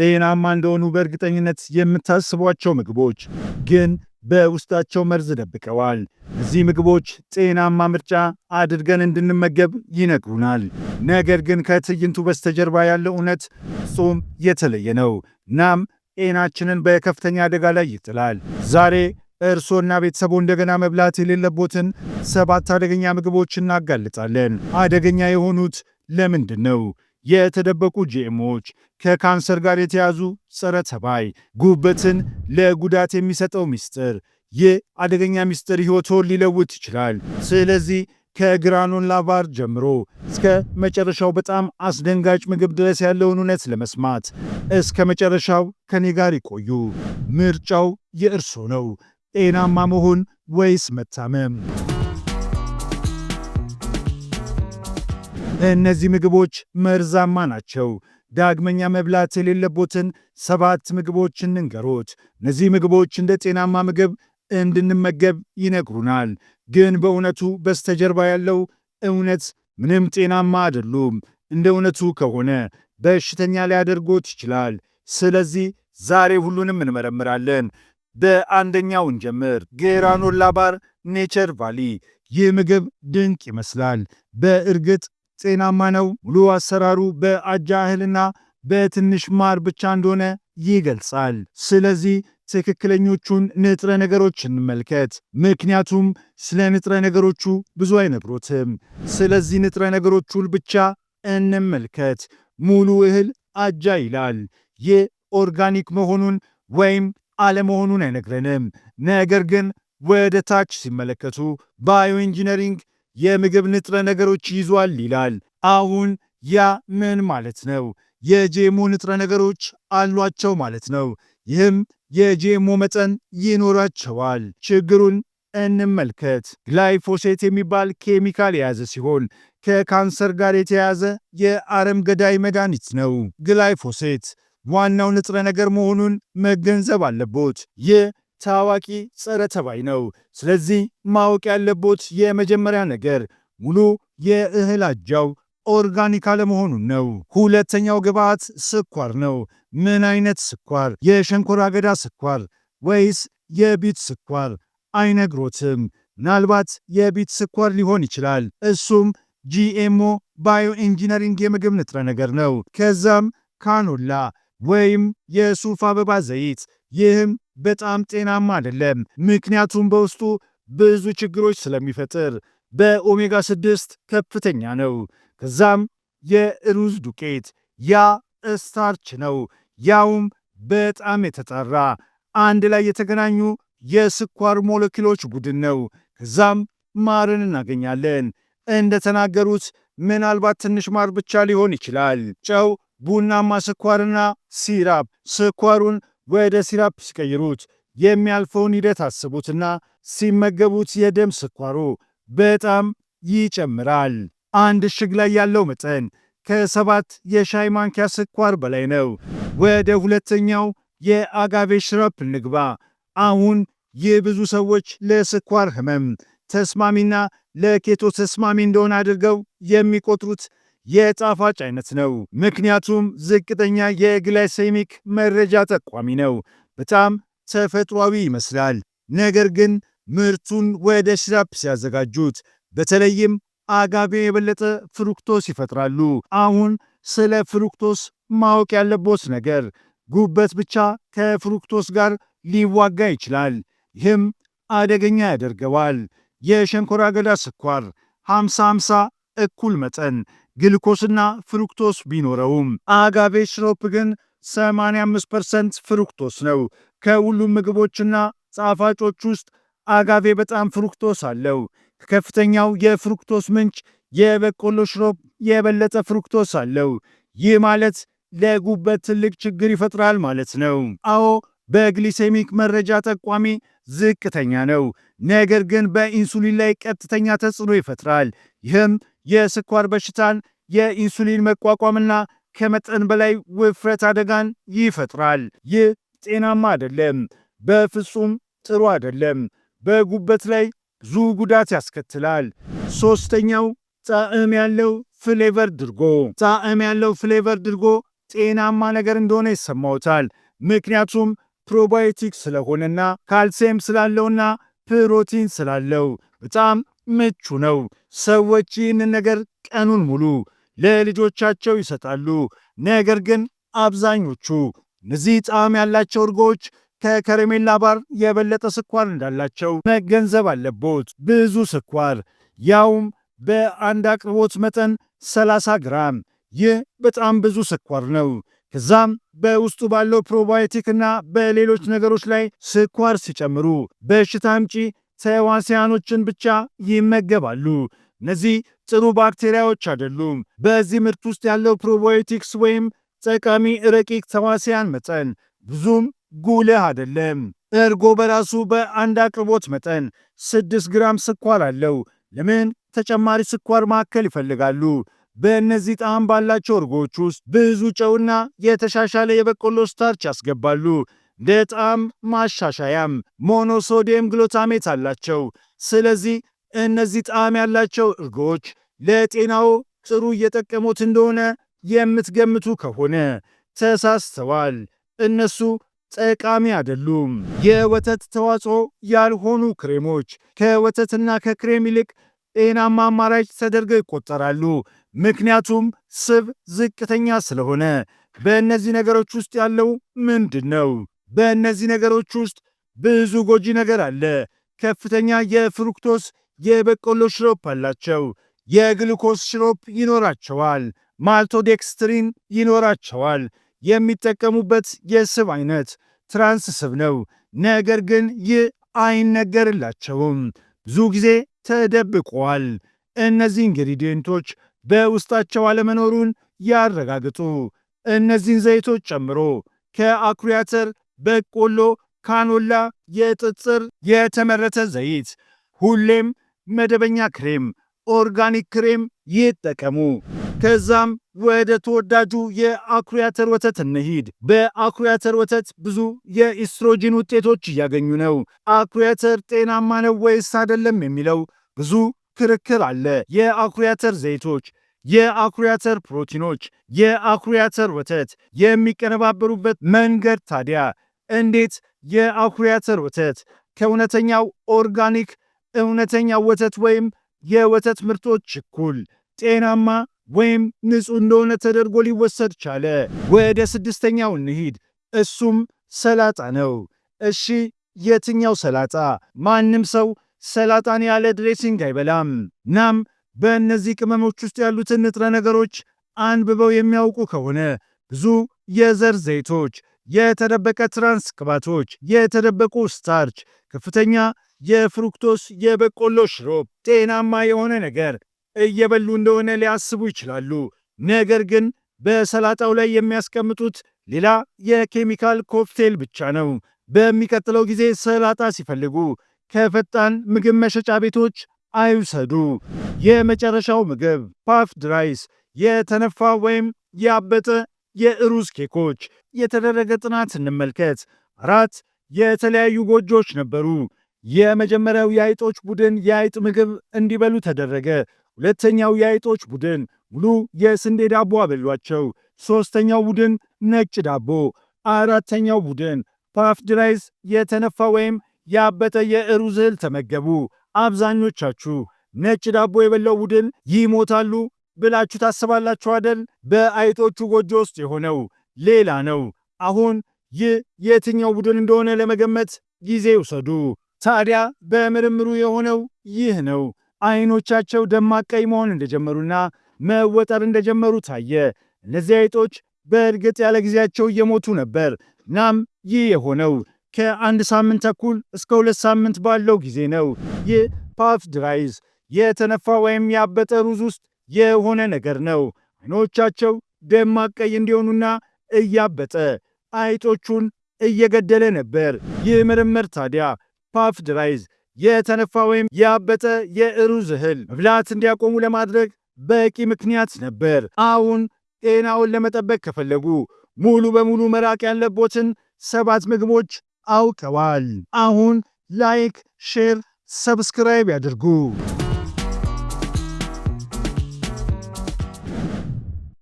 ጤናማ እንደሆኑ በእርግጠኝነት የምታስቧቸው ምግቦች ግን በውስጣቸው መርዝ ደብቀዋል። እዚህ ምግቦች ጤናማ ምርጫ አድርገን እንድንመገብ ይነግሩናል። ነገር ግን ከትዕይንቱ በስተጀርባ ያለው እውነት ፍጹም የተለየ ነው። እናም ጤናችንን በከፍተኛ አደጋ ላይ ይጥላል። ዛሬ እርስዎና ቤተሰቦ እንደገና መብላት የሌለቦትን ሰባት አደገኛ ምግቦች እናጋልጣለን። አደገኛ የሆኑት ለምንድን ነው? የተደበቁ ጂኤሞች፣ ከካንሰር ጋር የተያዙ ጸረ ተባይ፣ ጉበትን ለጉዳት የሚሰጠው ምስጢር። ይህ አደገኛ ምስጢር ሕይወቶን ሊለውጥ ይችላል። ስለዚህ ከግራኖላ ላቫር ጀምሮ እስከ መጨረሻው በጣም አስደንጋጭ ምግብ ድረስ ያለውን እውነት ለመስማት እስከ መጨረሻው ከኔ ጋር ይቆዩ። ምርጫው የእርሶ ነው። ጤናማ መሆን ወይስ መታመም? እነዚህ ምግቦች መርዛማ ናቸው። ዳግመኛ መብላት የሌለቦትን ሰባት ምግቦች እንንገሮት። እነዚህ ምግቦች እንደ ጤናማ ምግብ እንድንመገብ ይነግሩናል። ግን በእውነቱ በስተጀርባ ያለው እውነት ምንም ጤናማ አይደሉም። እንደ እውነቱ ከሆነ በሽተኛ ሊያደርጎት ይችላል። ስለዚህ ዛሬ ሁሉንም እንመረምራለን። በአንደኛው እንጀምር፣ ጌራኖላ ባር ኔቸር ቫሊ። ይህ ምግብ ድንቅ ይመስላል። በእርግጥ ጤናማ ነው። ሙሉ አሰራሩ በአጃ እህልና በትንሽ ማር ብቻ እንደሆነ ይገልጻል። ስለዚህ ትክክለኞቹን ንጥረ ነገሮች እንመልከት፣ ምክንያቱም ስለ ንጥረ ነገሮቹ ብዙ አይነግሮትም። ስለዚህ ንጥረ ነገሮቹን ብቻ እንመልከት። ሙሉ እህል አጃ ይላል። ይህ ኦርጋኒክ መሆኑን ወይም አለመሆኑን አይነግረንም። ነገር ግን ወደ ታች ሲመለከቱ ባዮኢንጂነሪንግ የምግብ ንጥረ ነገሮች ይዟል ይላል። አሁን ያ ምን ማለት ነው? የጄሞ ንጥረ ነገሮች አሏቸው ማለት ነው። ይህም የጄሞ መጠን ይኖራቸዋል። ችግሩን እንመልከት። ግላይፎሴት የሚባል ኬሚካል የያዘ ሲሆን ከካንሰር ጋር የተያያዘ የአረም ገዳይ መድኃኒት ነው። ግላይፎሴት ዋናው ንጥረ ነገር መሆኑን መገንዘብ አለቦት። ይህ ታዋቂ ጸረ ተባይ ነው። ስለዚህ ማወቅ ያለቦት የመጀመሪያ ነገር ሙሉ የእህል አጃው ኦርጋኒክ አለመሆኑን ነው። ሁለተኛው ግብዓት ስኳር ነው። ምን አይነት ስኳር? የሸንኮራ አገዳ ስኳር ወይስ የቢት ስኳር? አይነግሮትም። ምናልባት የቢት ስኳር ሊሆን ይችላል። እሱም ጂኤምኦ ባዮ ኢንጂነሪንግ የምግብ ንጥረ ነገር ነው። ከዛም ካኖላ ወይም የሱፍ አበባ ዘይት ይህም በጣም ጤናማ አይደለም፣ ምክንያቱም በውስጡ ብዙ ችግሮች ስለሚፈጥር። በኦሜጋ 6 ከፍተኛ ነው። ከዛም የሩዝ ዱቄት ያ ስታርች ነው፣ ያውም በጣም የተጠራ አንድ ላይ የተገናኙ የስኳር ሞለኪሎች ቡድን ነው። ከዛም ማርን እናገኛለን። እንደተናገሩት ምናልባት ትንሽ ማር ብቻ ሊሆን ይችላል። ጨው፣ ቡናማ ስኳርና ሲራፕ ስኳሩን ወደ ሲራፕ ሲቀይሩት የሚያልፈውን ሂደት አስቡትና ሲመገቡት የደም ስኳሩ በጣም ይጨምራል። አንድ እሽግ ላይ ያለው መጠን ከሰባት የሻይ ማንኪያ ስኳር በላይ ነው። ወደ ሁለተኛው የአጋቬ ሽራፕ ንግባ። አሁን ይህ ብዙ ሰዎች ለስኳር ህመም ተስማሚና ለኬቶ ተስማሚ እንደሆነ አድርገው የሚቆጥሩት የጣፋጭ አይነት ነው። ምክንያቱም ዝቅተኛ የግላይሴሚክ መረጃ ጠቋሚ ነው። በጣም ተፈጥሯዊ ይመስላል። ነገር ግን ምርቱን ወደ ሲራፕ ሲያዘጋጁት በተለይም አጋቤ የበለጠ ፍሩክቶስ ይፈጥራሉ። አሁን ስለ ፍሩክቶስ ማወቅ ያለቦት ነገር ጉበት ብቻ ከፍሩክቶስ ጋር ሊዋጋ ይችላል። ይህም አደገኛ ያደርገዋል። የሸንኮራ አገዳ ስኳር 50 50 እኩል መጠን ግልኮስና ፍሩክቶስ ቢኖረውም አጋቤ ሽሮፕ ግን 85% ፍሩክቶስ ነው። ከሁሉም ምግቦችና ጣፋጮች ውስጥ አጋቤ በጣም ፍሩክቶስ አለው። ከከፍተኛው የፍሩክቶስ ምንጭ የበቆሎ ሽሮፕ የበለጠ ፍሩክቶስ አለው። ይህ ማለት ለጉበት ትልቅ ችግር ይፈጥራል ማለት ነው። አዎ በግሊሴሚክ መረጃ ጠቋሚ ዝቅተኛ ነው፣ ነገር ግን በኢንሱሊን ላይ ቀጥተኛ ተጽዕኖ ይፈጥራል። ይህም የስኳር በሽታን፣ የኢንሱሊን መቋቋምና ከመጠን በላይ ውፍረት አደጋን ይፈጥራል። ይህ ጤናማ አይደለም፣ በፍጹም ጥሩ አይደለም። በጉበት ላይ ብዙ ጉዳት ያስከትላል። ሶስተኛው ጣዕም ያለው ፍሌቨር ድርጎ። ጣዕም ያለው ፍሌቨር ድርጎ ጤናማ ነገር እንደሆነ ይሰማውታል። ምክንያቱም ፕሮባዮቲክ ስለሆነና ካልሲየም ስላለውና ፕሮቲን ስላለው በጣም ምቹ ነው። ሰዎች ይህንን ነገር ቀኑን ሙሉ ለልጆቻቸው ይሰጣሉ። ነገር ግን አብዛኞቹ እነዚህ ጣዕም ያላቸው እርጎዎች ከከረሜላ ባር የበለጠ ስኳር እንዳላቸው መገንዘብ አለቦት። ብዙ ስኳር ያውም በአንድ አቅርቦት መጠን 30 ግራም። ይህ በጣም ብዙ ስኳር ነው። ከዛም በውስጡ ባለው ፕሮባዮቲክ እና በሌሎች ነገሮች ላይ ስኳር ሲጨምሩ በሽታ አምጪ ተዋሲያኖችን ብቻ ይመገባሉ። እነዚህ ጥሩ ባክቴሪያዎች አይደሉም። በዚህ ምርት ውስጥ ያለው ፕሮባዮቲክስ ወይም ጠቃሚ ረቂቅ ተዋሲያን መጠን ብዙም ጉልህ አይደለም። እርጎ በራሱ በአንድ አቅርቦት መጠን 6 ግራም ስኳር አለው። ለምን ተጨማሪ ስኳር ማዕከል ይፈልጋሉ? በእነዚህ ጣዕም ባላቸው እርጎች ውስጥ ብዙ ጨውና የተሻሻለ የበቆሎ ስታርች ያስገባሉ። ለጣዕም ማሻሻያም ሞኖሶዲየም ግሎታሜት አላቸው። ስለዚህ እነዚህ ጣዕም ያላቸው እርጎች ለጤናው ጥሩ እየጠቀሙት እንደሆነ የምትገምቱ ከሆነ ተሳስተዋል። እነሱ ጠቃሚ አይደሉም። የወተት ተዋጽኦ ያልሆኑ ክሬሞች ከወተትና ከክሬም ይልቅ ጤናማ አማራጭ ተደርገው ይቆጠራሉ። ምክንያቱም ስብ ዝቅተኛ ስለሆነ። በእነዚህ ነገሮች ውስጥ ያለው ምንድን ነው? በእነዚህ ነገሮች ውስጥ ብዙ ጎጂ ነገር አለ። ከፍተኛ የፍሩክቶስ የበቆሎ ሽሮፕ አላቸው። የግሉኮስ ሽሮፕ ይኖራቸዋል። ማልቶዴክስትሪን ይኖራቸዋል። የሚጠቀሙበት የስብ አይነት ትራንስ ስብ ነው። ነገር ግን ይህ አይነገርላቸውም ብዙ ጊዜ ተደብቋል። እነዚህ ኢንግሪዲየንቶች በውስጣቸው አለመኖሩን ያረጋግጡ። እነዚህን ዘይቶች ጨምሮ ከአኩሪ አተር፣ በቆሎ፣ ካኖላ፣ የጥጥር የተመረተ ዘይት፣ ሁሌም መደበኛ ክሬም ኦርጋኒክ ክሬም ይጠቀሙ። ከዛም ወደ ተወዳጁ የአኩሪ አተር ወተት እንሂድ። በአኩሪ አተር ወተት ብዙ የኢስትሮጂን ውጤቶች እያገኙ ነው። አኩሪ አተር ጤናማ ነው ወይስ አይደለም የሚለው ብዙ ክርክር አለ። የአኩሪ አተር ዘይቶች፣ የአኩሪ አተር ፕሮቲኖች፣ የአኩሪ አተር ወተት የሚቀነባበሩበት መንገድ ታዲያ እንዴት የአኩሪ አተር ወተት ከእውነተኛው ኦርጋኒክ እውነተኛው ወተት ወይም የወተት ምርቶች እኩል ጤናማ ወይም ንጹህ እንደሆነ ተደርጎ ሊወሰድ ቻለ። ወደ ስድስተኛው እንሂድ፣ እሱም ሰላጣ ነው። እሺ፣ የትኛው ሰላጣ? ማንም ሰው ሰላጣን ያለ ድሬሲንግ አይበላም። ናም በእነዚህ ቅመሞች ውስጥ ያሉትን ንጥረ ነገሮች አንብበው የሚያውቁ ከሆነ ብዙ የዘር ዘይቶች፣ የተደበቀ ትራንስ ቅባቶች፣ የተደበቁ ስታርች፣ ከፍተኛ የፍሩክቶስ የበቆሎ ሽሮፕ ጤናማ የሆነ ነገር እየበሉ እንደሆነ ሊያስቡ ይችላሉ። ነገር ግን በሰላጣው ላይ የሚያስቀምጡት ሌላ የኬሚካል ኮክቴል ብቻ ነው። በሚቀጥለው ጊዜ ሰላጣ ሲፈልጉ ከፈጣን ምግብ መሸጫ ቤቶች አይውሰዱ። የመጨረሻው ምግብ ፓፍድ ራይስ፣ የተነፋ ወይም ያበጠ የሩዝ ኬኮች። የተደረገ ጥናት እንመልከት። አራት የተለያዩ ጎጆዎች ነበሩ። የመጀመሪያው የአይጦች ቡድን የአይጥ ምግብ እንዲበሉ ተደረገ። ሁለተኛው የአይጦች ቡድን ሙሉ የስንዴ ዳቦ አበሏቸው። ሦስተኛው ቡድን ነጭ ዳቦ። አራተኛው ቡድን ፓፍድ ራይስ የተነፋ ወይም ያበጠ የሩዝ እህል ተመገቡ። አብዛኞቻችሁ ነጭ ዳቦ የበላው ቡድን ይሞታሉ ብላችሁ ታስባላችሁ አደል? በአይጦቹ ጎጆ ውስጥ የሆነው ሌላ ነው። አሁን ይህ የትኛው ቡድን እንደሆነ ለመገመት ጊዜ ውሰዱ። ታዲያ በምርምሩ የሆነው ይህ ነው። አይኖቻቸው ደማቅ ቀይ መሆን እንደጀመሩና መወጠር እንደጀመሩ ታየ። እነዚህ አይጦች በእርግጥ ያለ ጊዜያቸው እየሞቱ ነበር። ናም ይህ የሆነው ከአንድ ሳምንት ተኩል እስከ ሁለት ሳምንት ባለው ጊዜ ነው። ይህ ፓፍ ድራይዝ የተነፋ ወይም ያበጠ ሩዝ ውስጥ የሆነ ነገር ነው። አይኖቻቸው ደማቅ ቀይ እንዲሆኑና እያበጠ አይጦቹን እየገደለ ነበር። ይህ ምርምር ታዲያ ፓፍ ድራይዝ የተነፋ ወይም ያበጠ የሩዝ እህል መብላት እንዲያቆሙ ለማድረግ በቂ ምክንያት ነበር። አሁን ጤናውን ለመጠበቅ ከፈለጉ ሙሉ በሙሉ መራቅ ያለቦትን ሰባት ምግቦች አውቀዋል። አሁን ላይክ፣ ሼር፣ ሰብስክራይብ ያድርጉ።